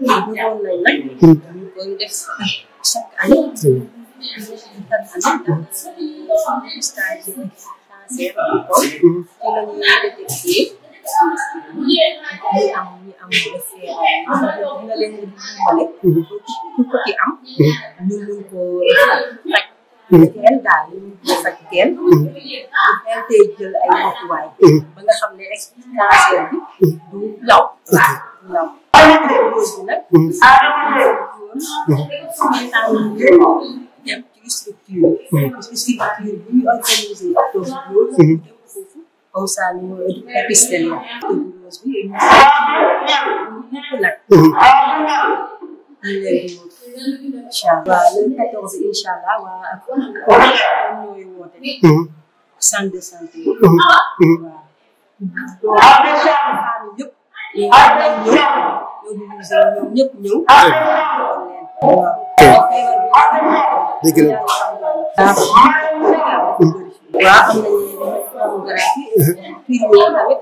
ñu koy def chaque année. teel daal li ñu ko faj teel. teel tey jël ay matuwaay. ba nga xam ne explication bi du law. law centre de santé. ñoom ñëpp ñëw. dëgg la. waaw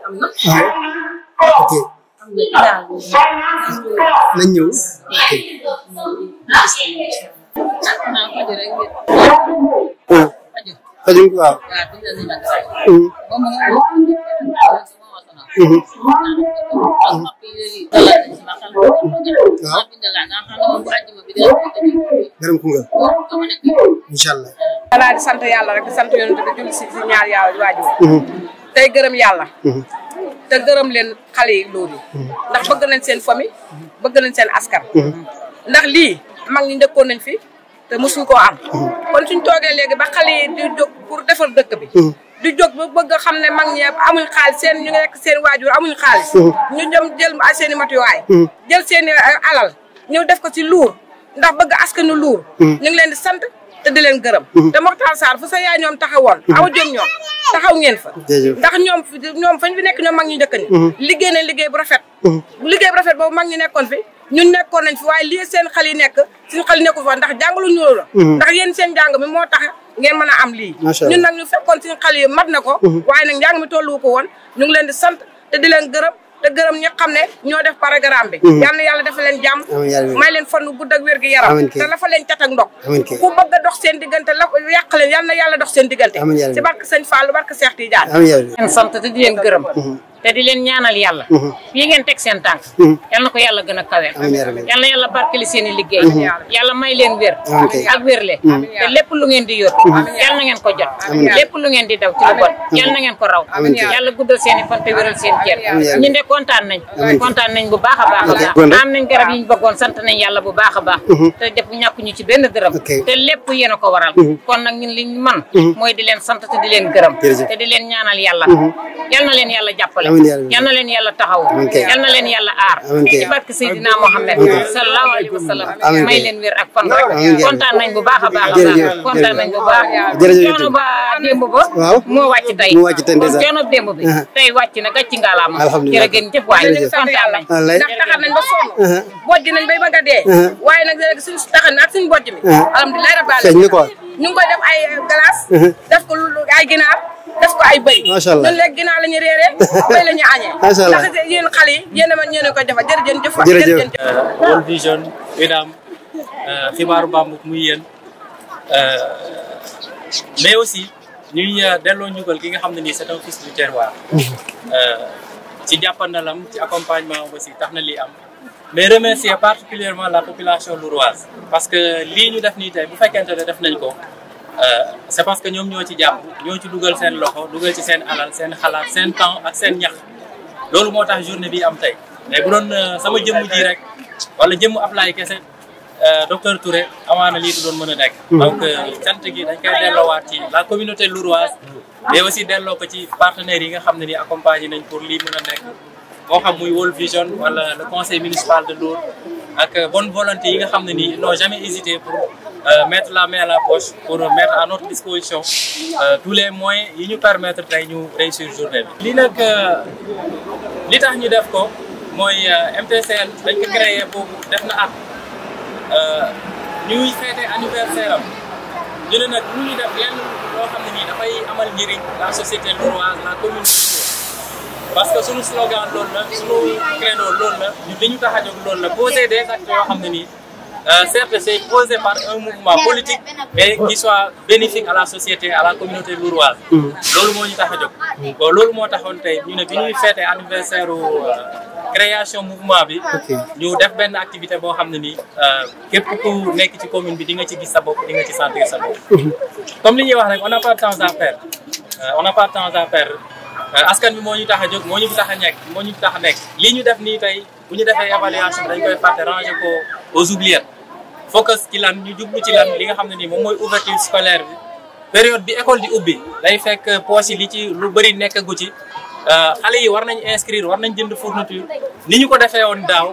am nañu ok. nañ ñëw. waaw. gërëm Koungheul incha di sant yàlla rek di sant yonent bi julli si si ñaar yàlla di waajur. Mhm. tey gërëm yàlla. Mhm. te gërëm leen xale yi loolu. Mhm. ndax bëgg nañ seen famille. bëgg nañ seen askan. ndax lii mag ñi njëkkoon nañ fi te mosuñ koo am. kon suñ toogee léegi ba xale yi pour defar dëkk bi. di jóg ba bëgg a xam ne mag ñi amuñ xaalis seen ñu nekk seen waajur amuñ xaalis uh-huh. ñu jëm jël seen i matuwaay uh-huh. jël seen uh, alal ñëw def ko ci luur ndax bëgg askanu luur uh-huh. ñu ngi leen di sant te di leen gërëm te Mokhtar Sarr fu sa yaay ñoom taxawoon awa jëm ñoom taxaw ngeen fa ndax ñoom ñoom fañ nekk ñoom mag ñu njëkk ni liggéey liggéey bu rafet liggéey bu rafet mag ñu nekkoon fi ñun nekkoon nañ fi waaye lii seen xel yi nekk suñu xel yi nekku fa ndax jàngalu ñu la ndax yéen seen jàng mi moo tax ngeen mën a am lii ñun nag ñu fekkoon suñu xale yu mat na ko mhm. waaye nag njàng mi tollu ko woon ñu ngi leen di sant te di leen gërëm te gërëm ñi xam ne ñoo def programme bi mhm. yal na yàlla dafa leen may leen fan gudd ak wér gi yaram te lafa leen cat ku bëgg a dox seen diggante la yàq leen yal na yàlla dox seen diggante si barke sëñ Fallou barke Cheikh Tidiane sant te di gërëm mhm. te di leen ñaanal yàlla mhm. fii ngeen teg seen tànk mhm. yal na ko yàlla gën a kaweel yal na yàlla barkali seen i liggéey mhm. yàlla may leen wér ak le te lép lu ngeen di yor yal na ngeen ko jot lépp lu ngeen di daw ci lu bon yal na ko raw yàlla guddal seen i fan te wéral seen ceer ñu ne kontaan bu baax a baax a baax am nañ garab yi ñu bëggoon sant nañ yàlla bu baax a baax te def ñàkk ci benn dërëm te lép yéen a ko waral kon nag ñun li ñu man mooy di leen sant te leen gërëm te yal na leen yàlla taxaw yal na leen yàlla aar ci barke Seydina Mohamed sallallahu alayhi wa sallam may leen wér ak fan rek kontaan nañ bu baax a baax a baax kontaan nañ bu baax coono ba démb ba moo wàcc tey coono démb bi tey wàcc na gàcc ngaalaama jërë ngeen jëf waay kontaan nañ ndax taxar nañ ba sonn bojj nañ bay bëgg a dee waaye nag léegi suñu taxar na ak suñu bojj mi alhamdulilah rabbil alamin ñu ngi koy def ay glace def ko ay ginaar def ko ay béy. macha allah ñun léegi ginnaaw la ñu réeree béy la ñu añee. macha allah ndax yéen xale yi yéen a mën yéen a koy defal jërëjëf. jëf jërëjëf euh, World Vision UNAM euh, xibaaru Bambuk muy yéen euh, mais aussi ñuy delloo njukkal ki nga xam ne nii c'est un fils du terroir. ci jàppandalam ci accompagnement aussi tax na lii am. mais remercier particulièrement la population louroise parce que lii ñu def nii tey bu fekkente ne def nañ ko. Euh, c'est parce que ñoom ñoo ci jàpp ñoo ci dugal seen loxo dugal ci seen alal seen xalaat seen temps ak seen ñax loolu moo tax journée bi am tey mais bu doon euh, sama jëmm ji rek wala jëmmu Ablaye kese euh, docteur Touré amaana lii du doon mën a nekk. Mm-hmm. donc cant gi dañ koy waat ci la communauté louroise. mais aussi delloo ko ci partenaires yi nga xam ne ni accompagné nañ pour lii mën a nekk moo xam muy World Vision wala le conseil municipal de Lour ak bonne volonté yi nga xam ne nii n'ont jamais hésité Euh, mettre la main à la poche pour mettre à notre disposition euh, tous les moyens yi ñu permettre tey ñu réussir journée bi. lii nag euh, li tax ñu def ko mooy MTCL dañ ko créé boobu def na at ñuy fêté anniversaire am ñu ne nag ñu def lenn loo xam ne nii dafay amal njëriñ la société louroise la commune parce que suñu slogan loolu la suñu créneau loolu la li ñu tax a jóg loolu la poser des xam ne nii. CRTC euh, posé par un mouvement politique mais qui soit bénéfique à la société à la communauté rurale. Mm. loolu moo ñu tax a jog mm. bon loolu moo taxoon tey ñu ne bi ñuy fêté anniversaire euh, création mouvement bi. Ah. ñu def benn activité boo xam ne nii euh, képp ku nekk ci commune bi di nga ci gis sa bopp di nga ci sentir sa bopp. Mm-hmm. comme li ñuy wax rek on n'a pas de temps a perdre on askan bi moo ñu tax a jóg moo ñu tax a nekk moo ñu tax a nekk. lii ñu def nii tey bu ñu defee évaluation dañ koy fàtte ranger ko aux focus ci lan ñu jublu ci lan li nga xam ne nii moom mooy ouverture scolaire bi période bi école di ubbi day fekk poche yi li ci lu bëri nekkagu ci euh, xale yi war nañ inscrire war nañ jënd fourniture ni ñu ko defee woon daaw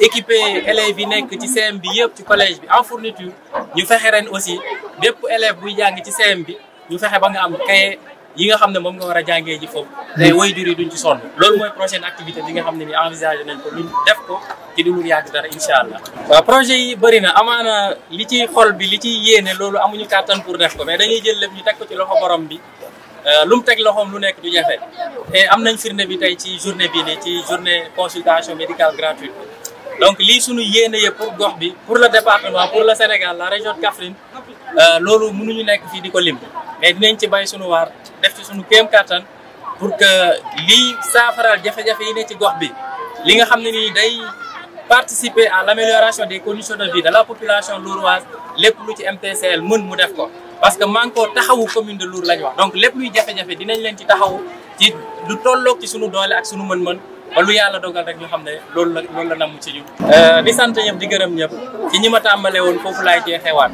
équipé élèves yi nekk ci CM bi yëpp ci collège bi en fourniture ñu fexe ren aussi bépp élève buy jàng ci CM bi ñu fexe ba nga am cahier yi nga xam ne moom nga war a jàngee ji foofu tey mm. waajur yi duñ ci sonn loolu mooy prochaine activité bi nga xam ne ni envisagé nañ ko luñ def ko ci du dul yàgg dara incha allah waaw projet yi bëri na amaana li ci xol bi li ci yéene loolu amuñu kàttan pour def ko mais dañuy jël lépp ñu teg ko ci loxo borom bi euh, lu mu teg loxoom lu nekk du jafe te am nañ firnde bi tey ci journée bii nii ci journée consultation médicale gratuite donc lii suñu yéene yëpp gox bi pour le département pour le Sénégal la région de Euh, loolu mënuñu nekk fii di ko lim mais dinañ ci bay suñu waar def ci suñu kéem kàttan pour que liy saafaraal jafe-jafe yi ne ci gox bi li nga xam ne nii day participer à l'amélioration des conditions de vie de la population louroise lépp lu ci MTCL mën mu def ko parce que man koo taxawu commune de luur la wax donc lépp luy jafe-jafe dinañ leen ci taxawu ci lu tolloog ci sunu doole ak sunu mën-mën ba lu yàlla dogal rek ñu xam ne loolu la loolu la namu ci ñu euh, di sant ñëpp di gërëm ñëpp ci ñi woon foofu laay jeexewaat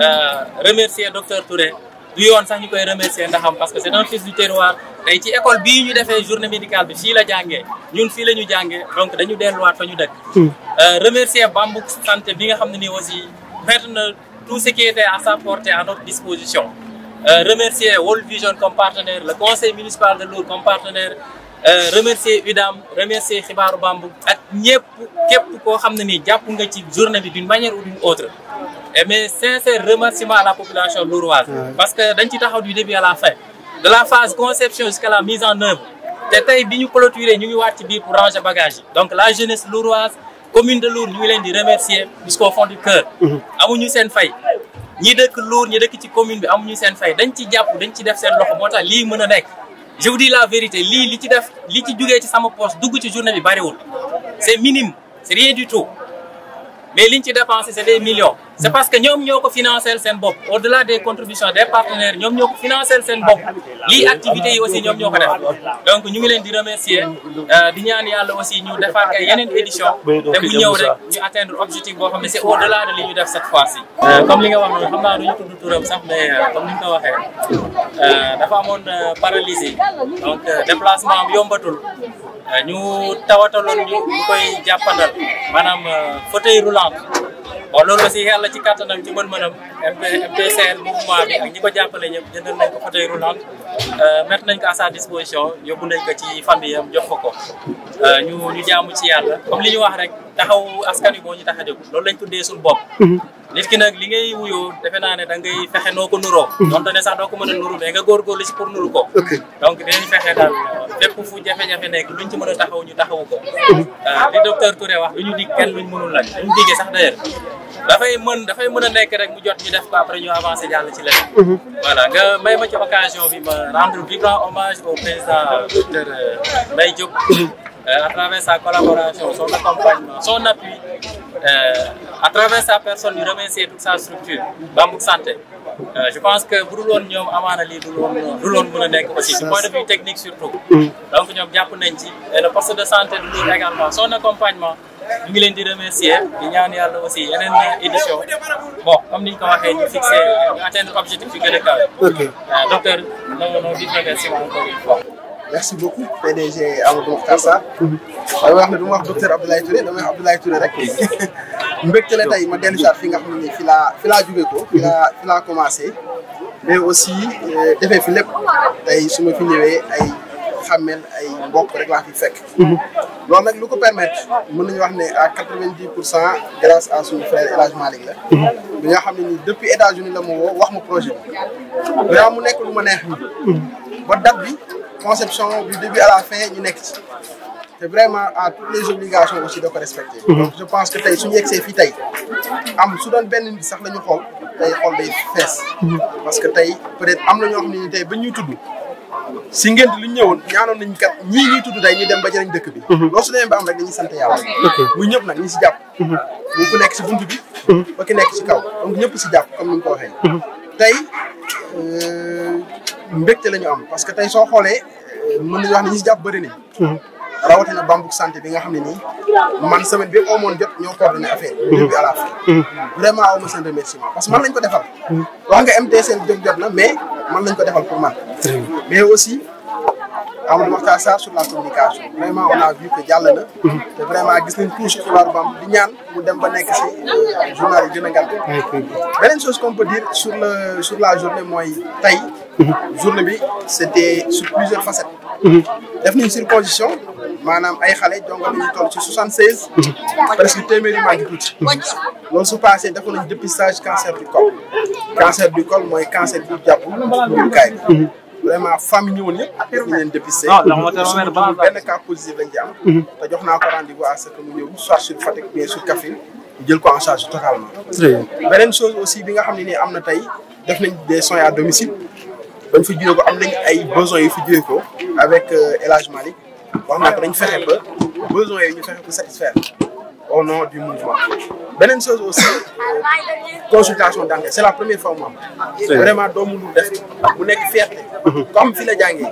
Euh, remercier docteur Touré du yoon sax ngi koy remercier ndaxam parce que c'est un fils du terroir tey ci école bii ñu defee journée médicale bi fii la jàngee ñun fii la ñu jàngee donc dañu delluwaat fa ñu dëkk. Hmm. Euh, remercier Bambouk santé bi nga xam ne nii aussi mettre na tout ce à sa portée à notre disposition. Euh, remercier World Vision comme partenaire le conseil municipal de Lour comme partenaire Euh, remercier UDAM remercier xibaaru Bambouck ak ñëpp képp koo xam ne nii jàpp nga ci journée bi d'une manière ou d'une autre mais sincère remerciement à la population louroise parce que dañ ci taxaw du début à la fin de la phase conception jusqu'à la mise en œuvre te tey bi ñu clôturé ñu ngi waat ci biir pour bagage yi donc la jeunesse louroise commune de Lour ñu ngi leen di remercier jusqu'au fond du cœur amuñu seen fay ñi dëkk Lour ñi dëkk ci commune bi amuñu seen fay dañ ci jàpp dañ ci def seen loxo moo tax lii mën a nekk je vous dis la vérité lii li ci def li ci jugee ci sama poche dugg ci journée bi bariwul c'est minime c'est rien du tout mais li ci dépensé c'est des millions c'est parce que ñoom ñoo ko financer seen bopp au delà des contributions des partenaires ñoom ñoo ko financer seen bopp lii activités yi aussi ñoom ñoo ko def donc ñu ngi leen di remercier euh, di ñaan yàlla aussi ñu defaat ay yeneen édition te bu ñëw rek ñu atteindre objectif boo xam ne c'est au de li ñu def cette fois-ci euh, comme li nga wax noonu xam naa duñu tudd turam sax mais euh, comme ni ñu ko waxee dafa amoon paralysé donc déplacement ñu tawataloon ñu koy jàppandal maanaam fauteuil roulant waaw loolu si yàlla ci kattanam ci mën-mënam MPCL mouvement bi ak ñi ko jàppale ñëpp jëndal nañ ko fauteuil roulant euh, mettre nañ ka sa disposition yóbbu nañ ko ci famille am jox ko ko euh, ñu ñu jaamu ci yàlla comme li ñu wax rek. taxaw askan wi moo ñu tax a jóg loolu lañ tuddee suñu bopp mhm. nit ki nag li ngay wuyoo defe naa ne da ngay fexe noo ko nuroo mhm. donte ne sax doo ko mën a nuru mais nga góorgóorlu si pour nuru ko donc dinañ fexe daal lépp fu jafe-jafe nekk luñ ci mën a taxaw ñu taxawu ko waaw mhm. ah, li docteur wax lu ñu dig kenn luñ mënul nag luñ digee sax d'ailleurs dafay mën dafay mën a nekk rek mu jot ñu def ko après ñu avancé jàll ci leneen voilà nga may ma ci occasion bi ma rendre vibrant hommage au président docteur euh, Mbaye Diop Eh, à travers sa collaboration, son accompagnement, son appui, eh, à travers sa personne, ñu remercier toute sa structure Bambouk Santé. Eh, je pense que bu dul woon ñoom lii du loon du loon nekk aussi du point de vue technique surtout. donc ñoom jàpp nañ ci et le poste de santé de Lour également son accompagnement. ñu ngi leen di remercier di ñaan yàlla aussi yeneen édition bon comme ni ñu ko waxee ñu fixé ñu atteindre objectif bi gën a kaw. ok docteur non non di merci beaucoup PDG Amadou Mokhtar wax ne du mu wax docteur Abdoulaye Touré damay wax Abdoulaye Touré rek. mbégte la tey ma dellu si fi nga xam ne fi laa fi laa jóge ko. fi laa commencé. mais aussi euh, defee fi lépp tey su ma fi ñëwee ay xàmmeel ay mbokk rek laa fi sek loolu nag lu ko permettre mën nañu wax ne à quatre-vingt-dix pour cent grâce à suñu frère El Hadj Malick la. bi nga xam ne nii depuis États-Unis la ma wax ma projet bi. mu nekk lu ma neex bi. conception du début à la fin ñu nekk ci te vraiment à toutes les obligations aussi da ko respecter donc mhm. je pense que tey suñu yegsee fii tey am su doon benn nit sax la ñu xool tey xool day fees mhm. parce que tey peut-être am na ñoo xam ne ni tey ba ñuy tudd si ngeen di lu ñëwoon ñaanoon nañ kat ñii ñuy tudd day ñu dem ba jëriñ dëkk bi mhm. loolu su demee am rek dañuy sant yàlla muy ñëpp nag ñi si jàpp bu ku nekk si bunt bi ba ki nekk ci kaw donc ñëpp si jàpp comme ni nga ko waxee tey euh, mbégte la lañu am parce que tey soo xoolee euh, mën nañu wax ne ñi si jàpp bëri nañ. Mhm. rawatina bambuk santé bi nga xam ne nii man semaine bi moon jot ñoo coordonné affaire bi. Mhm. début à la fin. Mhm. vraiment aw ma seen remerciement parce que man lañ ko defal. wax nga MTSN jot jot na mais man lañ ko defal pour man. mais aussi. am Makhtar Sarr sur la communication vraiment on a vu que jàll na. te vraiment gis nañ tout xibaar bu am di ñaan mu dem ba nekk si journal yi gën a ngàll. beneen chose qu'on peut dire sur le bi c'était sur plusieurs facettes. def nañ circoncision maanaam ay xale donc dañuy toll ci soixante seize. presque téeméeri maa ngi tuuti. loolu su paasee defoon nañ dépistage cancer du col. cancer du col mooy cancer bu jàpp lu kaay bi. vraiment femme ñëwoon yëpp affaire bi beneen chose aussi bi nga xam ne ni am na tey def nañ des soins à domicile bañ fi juree ko am nañ ay besoins yu fi juree ko avec euh, El Hadj wax naa ko dañ fexe ba besoins yi ñu fexe ko satisfaire au nom du mouvement. beneen chose aussi euh, consultation dentaire c'est la première fois mu am. vraiment doomu lu def mu nekk fierté. Mhm. comme fi la jàngee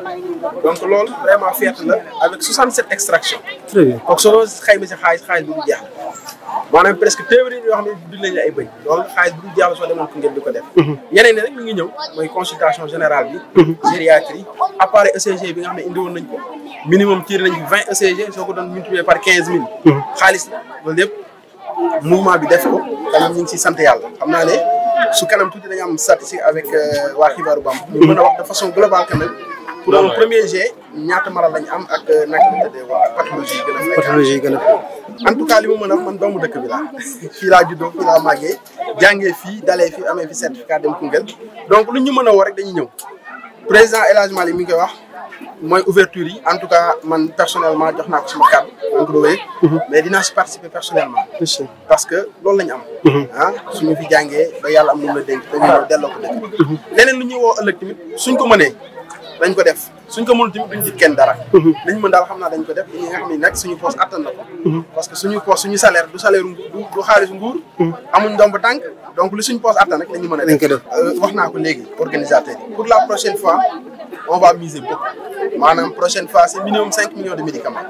donc lool vraiment fierté la avec 67 extractions. très bien donc soo xayma si xaalis xaalis bi du jeex maanaam presque téeméeri yoo xam ne dund nañu ay bëy loolu xaalis bi du jeex la soo demoon ngeen di ko def. Mhm. yeneen yi rek ñu ngi ñëw mooy consultation générale bi. Mhm. gériatrie appareil ECG bi nga xam ne indiwoon nañ ko minimum tiir nañ ko 20 ECG soo ko doon multiplier par 15000. xaalis la lépp yëpp mouvement bi def ko tamit ñu ngi siy sant yàlla xam naa ne. su kanam tuuti dañu am statistique avec euh, waa xibaaru Bamb. ñu mën a wax de façon globale quand premier jet ñaata mara lañu am ak euh, naka la waa pathologie gën a. pathologie gën en tout cas li mu mën a man doomu dëkk bi la fii la juddoo fii laa màggee jàngee fii dalee fii amee fi certificat dem Koungheul donc lu ñu mën a woo rek dañuy ñëw président El Hadj Malick wax. mooy ouverture yi en tout cas man personnellement jox naa ko suma kàddu englobé mhm. mais dinaa si participer personnellement parce que loolu lañu am mhm. ah suñu fi jàngee ba yàlla moom la dénk dañu ñëw delloo ko dëkk mhm. leneen lu ñuy woo ëllëg tamit suñ ko mënee dañ ko def suñ ko mënul tamit duñ ci kenn dara liñ mën daal xam naa dañ ko def ñi nga xam ne nag suñu poos attan na ko parce que suñu poos suñu salaire du salaire nguur du xaalis nguur amuñ ndomb tànk donc li suñu poos attan rek la ñu mën a def euh, wax naa ko léegi organisateur yi pour la prochaine fois o va miser beaucoup maanaam prochaine fois c'est minimum cinq millions de médicaments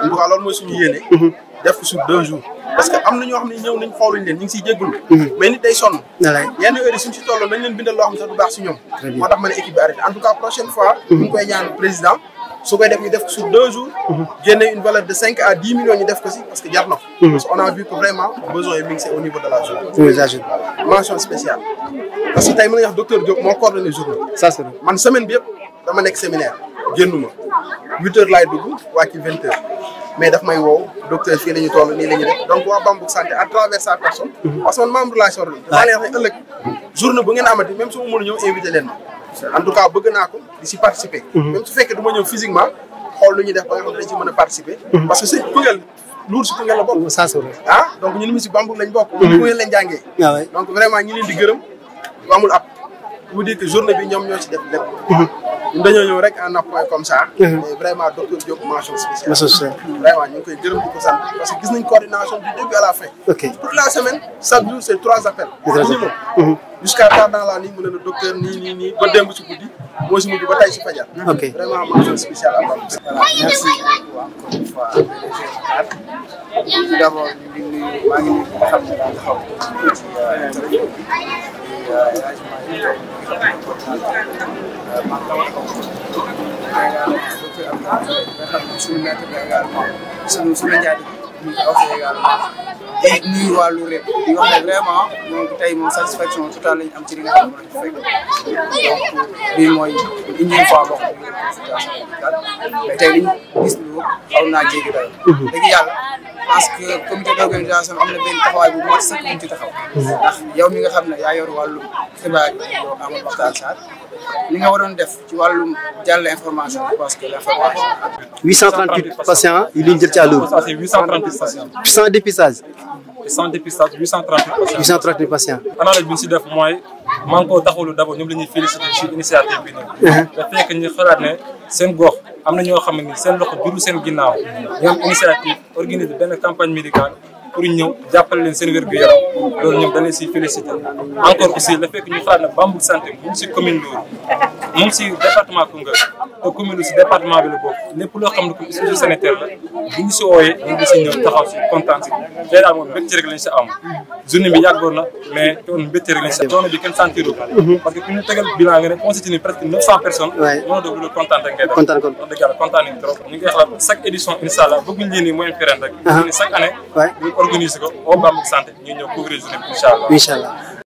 en tout cas loolu mooy suñu yéene mhm. def ko sur deux jours parce que am na ñoo ne ñëw nañ xooluñ leen ñu ngi siy mhm. mais nit day sonn yenn heure yi suñ si tolloon nañ leen bindal loo xam ne du baax si ñoom moo tax ma ne équipe bi en tout cas prochaine fois mhm. ñu ngi koy président su koy def ñu def ko sur deux jours. génne une valeur de cinq a dix millions ñu def ko si parce que jar na mhm. on a vu que besoin yi mi ngi au niveau de la zone. oui la zone may woow docteur fii la ñu toll nii la ñu def donc waa Bambouk Santé à travers sa personne. Mhm. parce que man membre relation. waaw maa ngi leen wax ne bu ngeen amati même su ma mën ñëw invité ma. en tout cas bëgg naa ko di si participer. Mhm. même su fekkee du ma ñëw physiquement xool lu ñuy def ba nga xam ne dañ si mën a participer. Mhm. parce que si Koungheul Lour si Koungheul la bokk. ah donc ñun si Bambour mhm. ah donc vraiment ñu leen di gërëm lu amul ab bi ñoom ñoo ci def lépp. ñun dañoo ñëw rek en ñu ngi koy gërëm di ko sant parce que gis nañ coordination du début à fin. ok la semaine chaque jour c'est trois appels. minimum jusqu'à temps dans la nuit mu ne la docteur nii nii nii ba démb ci moo si mujj ba tey si fajar. ok vraiment mention spéciale à Babou Seck. voilà merci beaucoup encore une fois tout di nuyu waa Louré di wax ne vraiment donc tey moom satisfaction totale lañ am ci li nga xam fekk donc bii mooy indi fois bokk nañ ko situation bi daal mais tey naa jéggi daal mhm. yàlla. parce que comité d'organisation am na benn taxawaay bu mat sëkk bu ci taxaw. ndax mi nga xam ne yaa yor wàllu xibaar yi yow Amadou Mahtar Sarr nga waroon def ci wàllum jàll information parce que l'information. 838 patients yi ñu jël ci à Lour. ça c'est 838 patients. sans dépistage. sans dépistage 838 patients. 838 patients. analyse mooy. maa ngi ko taxawlu d'abord ñoom la ñuy félicité ci initiative bi nii. da uh-huh. fekk xalaat ne seen gox am na ñoo xam ne seen loxo juru seen ginnaaw ñu am initiative organiser benn campagne médicale pour ñëw jàppale leen seen wér gu yaram loolu ñoom dañ leen siy félicité. encore aussi da fekk ñu xalaat ne Bamboul santé mu ngi si commune Ndour mu ngi si département Koungheul. te euh, commune bi si département bi la bokk lépp loo xam ne comme suñu sanitaire la bu ñu si wooyee ñu ngi si ñëw taxaw si kontaan si tey daal moom mbégte rek lañ si am journée bi yàggoon na mais toon mbégte rek lañ si am zone bi kenn sentir mhm. parce que ku ñu tegal bilan nga ne constaté ni presque neuf cent personnes mëna doo budul kontaan rek ngay def kontaan kon wax dëgg yàlla kontaan nañ trop ñu ngi xalaat chaque édition incha allah bëgguñ leen ni mooy feren rek uh-huh. ñu ne chaque année ñu organiser ko au Bambouck santé ñu ñëw couvrir journée bi incha allah